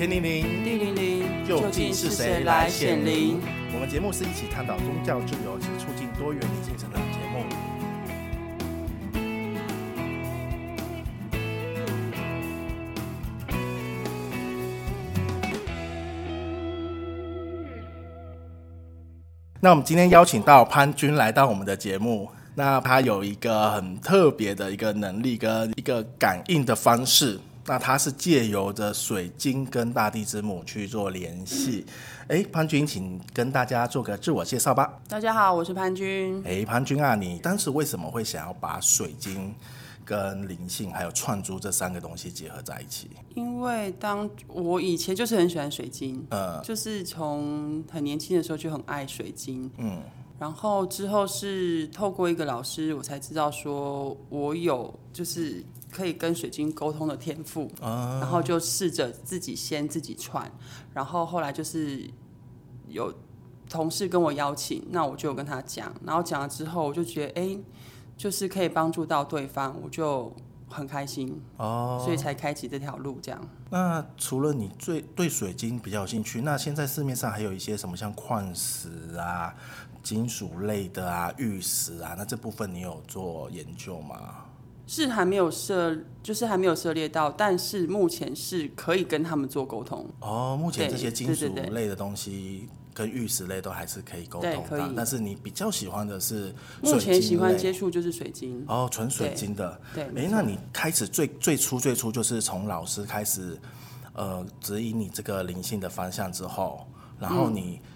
天靈靈，地靈靈，究竟是誰來顯靈？我們節目是一起探討宗教自由及促進多元的精神的節目。那我們今天邀請到潘均來到我們的節目，那他有一個很特別的一個能力跟一個感應的方式。那它是借由着水晶跟大地之母去做聯繫，嗯、誒，潘均，請跟大家做個自我介紹吧。大家好，我是潘均。誒，潘均啊，你當時為什麼會想要把水晶，跟靈性還有串珠這三個東西結合在一起？因為當我以前就是很喜歡水晶，嗯，就是從很年輕的時候就很愛水晶，嗯。然後之後是透過一個老師，我才知道說我有就是可以跟水晶溝通的天賦，uh、然後就試着自己先自己串，然後後來就是有同事跟我邀請，那我就跟他講，然後講了之後我就覺得哎，就是可以幫助到對方，我就很開心哦，uh、所以才開啟這條路這樣。那除了你最對水晶比較有興趣，那現在市面上還有一些什麼像礦石啊？金屬類的啊，玉石啊，那這部分你有做研究嗎？是還沒有涉，就是還沒有涉獵到，但是目前是可以跟他們做溝通。哦，目前這些金屬類的東西跟玉石類都還是可以溝通的，對對對，但是你比較喜歡的是水晶？目前喜歡接觸就是水晶。哦，純水晶的。對。哎，欸、沒錯，那你開始最最初最初就是從老師開始，呃，指引你這個靈性的方向之後，然後你。嗯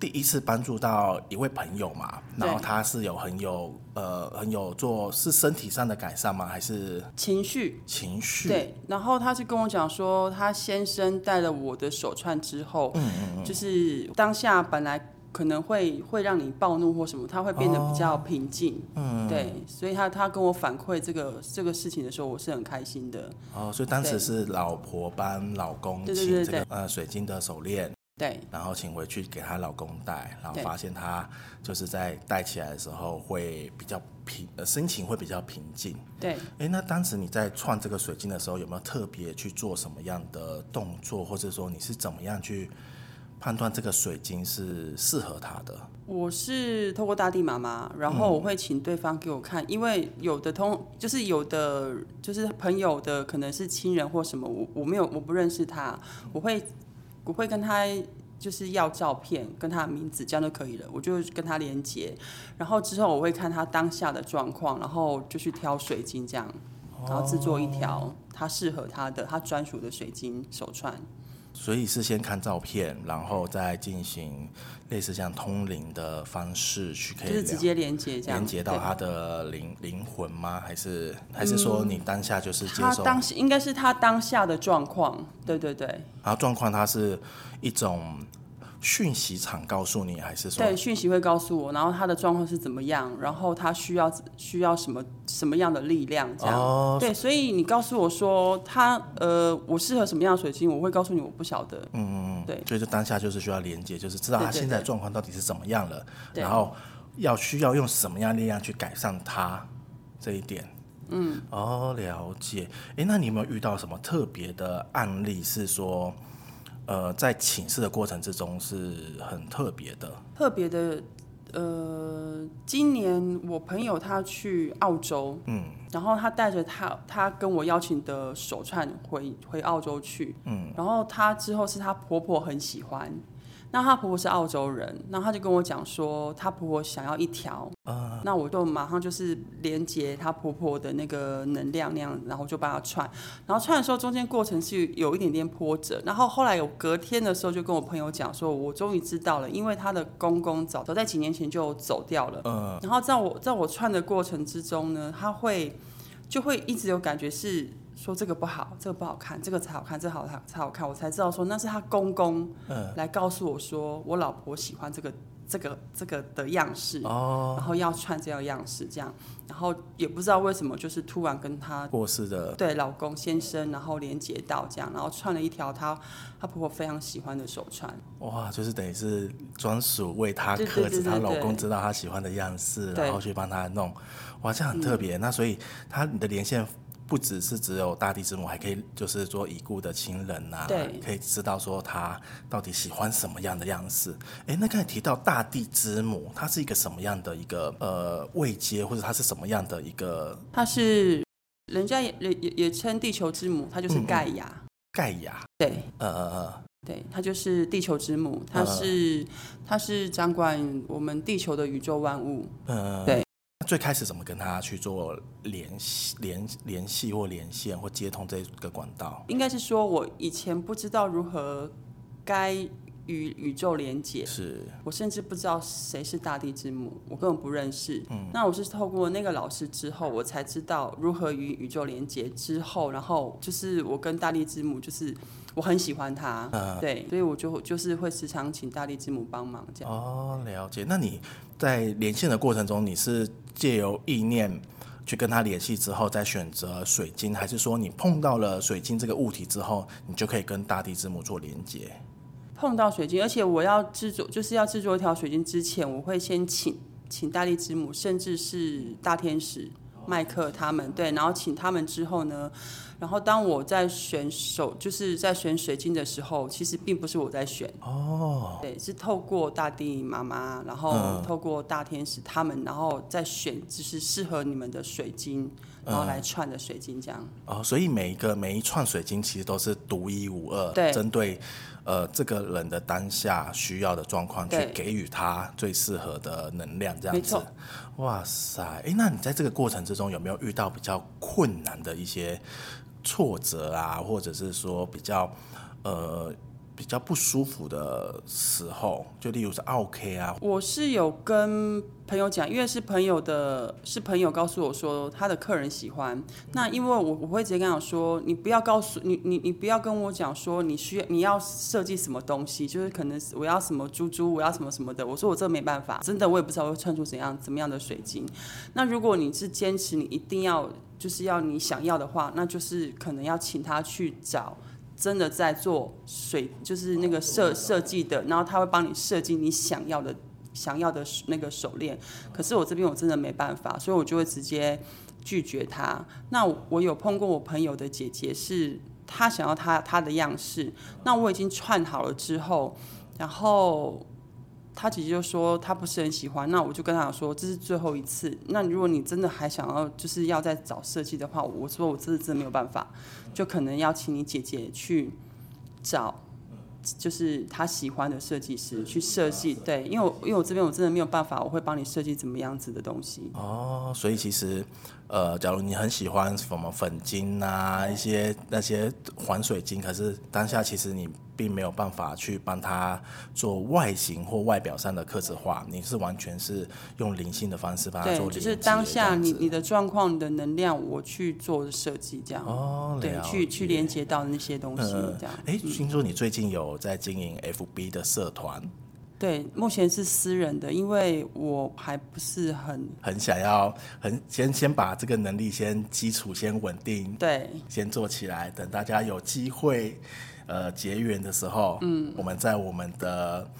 第一次幫助到一位朋友嘛，對然後他是有很有呃很有做是身體上的改善嗎？還是情緒情緒對，然後他是跟我講說，他先生戴了我的手串之後，嗯嗯就是當下本來可能會會讓你暴怒或什麼，他會變得比較平靜，嗯、哦、對嗯，對，所以他他跟我反饋這個這個事情的時候，我是很開心的。哦，所以當時是老婆幫對老公請這個對對對對呃水晶的手鏈。對，然後請回去給她老公戴，然後發現她就是在戴起來的時候會比較平，呃，心情會比較平靜。對，哎，那當時你在串這個水晶的時候，有沒有特別去做什麼樣的動作，或者說你是怎麼樣去判斷這個水晶是適合她的？我是透過大地媽媽，然後我會請對方給我看，嗯、因為有的通就是有的就是朋友的，可能是親人或什麼，我我沒有我不認識他，我會。嗯我會跟他就是要照片，跟他的名字，這樣就可以了。我就跟他連接，然後之後我會看他當下的狀況，然後就去挑水晶這樣，然後製作一條、oh. 他適合他的、他專屬的水晶手串。所以是先看照片，然後再進行類似像通靈的方式去可以，就是直接連接，連接到他的靈靈對魂嗎？還是還是說你當下就是接受，嗯、當應該是他當下的狀況，對對對。然後狀況它是一種。訊息場告訴你還是說？對，訊息會告訴我，然後他的狀況是怎麼樣，然後他需要需要什麼什麼樣的力量這樣？Oh. 對，所以你告訴我說他呃，我適合什麼樣的水晶？我會告訴你，我不曉得。嗯嗯嗯，對。所以就當下就是需要連接，就是知道他現在的狀況到底是怎麼樣了，對對對對，然後要需要用什麼樣的力量去改善他這一點。嗯，哦，oh, 了解。哎、欸，那你有沒有遇到什麼特別的案例是說？呃，在請示的過程之中是很特別的，特別的。呃，今年我朋友他去澳洲，嗯，然後他帶着他，他跟我邀請的手串回回澳洲去，嗯，然後他之後是他婆婆很喜歡。那她婆婆是澳洲人，那她就跟我講說，她婆婆想要一條，uh. 那我就馬上就是連接她婆婆的那個能量那樣，然後就幫她串，然後串的時候中間過程是有，有一點點波折，然後後來有隔天的時候就跟我朋友講說，我終於知道了，因為她的公公早早在幾年前就走掉了，uh. 然後在我在我串的過程之中呢，她會就會一直有感覺是。說這個不好，這個不好看，這個才好看，這個、好才才好看。我才知道說那是他公公，嗯，來告訴我說我老婆喜歡這個、嗯、這個這個的樣式，哦，然後要串這樣樣式這樣，然後也不知道為什麼就是突然跟他過世的對老公先生，然後連接到這樣，然後串了一條她她婆婆非常喜歡的手串。哇，就是等於是專屬為她客製，她、嗯、老公知道她喜歡的樣式，對然後去幫她弄。對哇，這樣很特別。嗯、那所以她你的連線。不只是只有大地之母，還可以就是做已故的親人吶、啊，對可以知道說他到底喜歡什麼樣的樣式。哎，那剛才提到大地之母，它是一個什麼樣的一個呃位階，或者它是什麼樣的一個？它是人家也也也稱地球之母，它就是蓋亞。嗯、蓋亞，對，呃呃呃，對，它就是地球之母，它是、呃、它是掌管我們地球的宇宙萬物，嗯、呃。對。最開始怎麼跟他去做聯繫、聯聯繫或連線或接通這個管道？應該是說我以前不知道如何該。與宇宙連接，是我甚至不知道誰是大地之母，我根本不認識。嗯，那我是透過那個老師之後，我才知道如何與宇宙連接。之後，然後就是我跟大地之母，就是我很喜歡他。呃、對，所以我就就是會時常請大地之母幫忙這樣。哦，了解。那你在連線的過程中，你是借由意念去跟他聯繫，之後再選擇水晶，還是說你碰到了水晶這個物體之後，你就可以跟大地之母做連接？碰到水晶，而且我要製作，就是要製作一條水晶之前，我會先請請大地之母，甚至是大天使麥克他們，oh. 對，然後請他們之後呢，然後當我在選手，就是在選水晶的時候，其實並不是我在選哦，oh. 對，是透過大地媽媽，然後透過大天使他們，然後再選就是適合你們的水晶，然後來串的水晶這樣哦，oh. Oh. 所以每一個每一串水晶其實都是獨一無二，對，針對。呃，這個人的當下需要的狀況，去給予他最適合的能量，對這樣子。錯哇塞，哎，那你在這個過程之中有沒有遇到比較困難的一些挫折啊，或者是說比較呃比較不舒服的時候？就例如是 OK 啊。我是有跟朋友講，因為是朋友的，是朋友告訴我說他的客人喜歡。那因為我我會直接跟他說，你不要告訴你，你你不要跟我講說，你需要你要設計什麼東西，就是可能我要什麼珠珠，我要什麼什麼的。我說我這沒辦法，真的我也不知道會穿出怎樣怎麼樣的水晶。那如果你是堅持你一定要就是要你想要的話，那就是可能要請他去找真的在做水，就是那個設設計的，然後他會幫你設計你想要的。想要的那個手鏈，可是我這邊我真的沒辦法，所以我就會直接拒絕他。那我有碰過我朋友的姐姐是，是她想要她、她的樣式，那我已經串好了之後，然後她姐姐就說她不是很喜歡，那我就跟她說這是最後一次。那如果你真的還想要，就是要再找設計的話，我說我真的真的沒有辦法，就可能要請你姐姐去找。就是他喜歡的設計師去設計，對，因為我，因為我這邊我真的沒有辦法，我會幫你設計怎麼樣子的東西。哦，所以其實。呃，假如你很喜歡什麼粉晶啊，一些那些黃水晶，可是當下其實你並沒有辦法去幫它做外形或外表上的客製化，你是完全是用靈性的方式把它做連接。對，就是當下你你的狀況的能量，我去做設計這樣。哦，對，去去連接到那些東西這樣。哎、呃，欸，聽說你最近有在經營 FB 的社團。對，目前是私人的，因為我還不是很很想要，很先先把這個能力先基礎先穩定，對，先做起來。等大家有機會，呃，結緣的時候，嗯，我們在我們的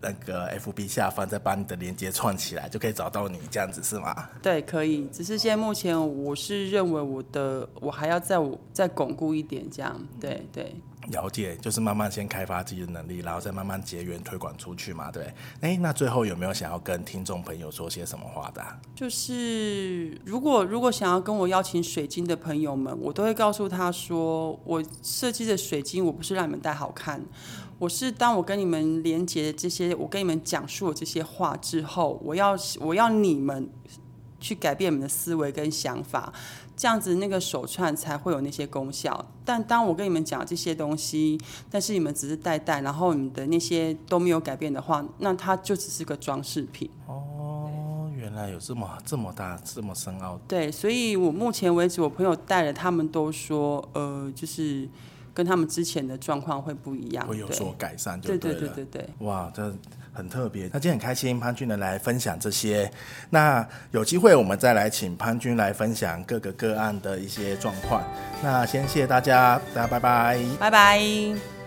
那個 FB 下方再把你的連接串起來，就可以找到你，這樣子是嗎？對，可以。只是現在目前我是認為我的，我還要再再鞏固一點，這樣，對對。了解，就是慢慢先開發自己的能力，然後再慢慢結緣推廣出去嘛，對。誒、欸，那最後有沒有想要跟聽眾朋友說些什麼話的、啊？就是如果如果想要跟我邀請水晶的朋友們，我都會告訴他說，我設計的水晶我不是讓你們戴好看，我是當我跟你們連接這些，我跟你們講述了這些話之後，我要我要你們。去改變你們的思維跟想法，這樣子那個手串才會有那些功效。但當我跟你們講這些東西，但是你們只是戴戴，然後你們的那些都沒有改變的話，那它就只是個裝飾品。哦，原來有這麼這麼大這麼深奧。對，所以我目前為止，我朋友戴了，他們都說，呃，就是。跟他們之前的狀況會不一樣，會有所改善對，對,對對對對對。哇，這很特別。那今天很開心潘均能來分享這些，那有機會我們再來請潘均來分享各個個案的一些狀況。那先謝謝大家，大家拜拜，拜拜。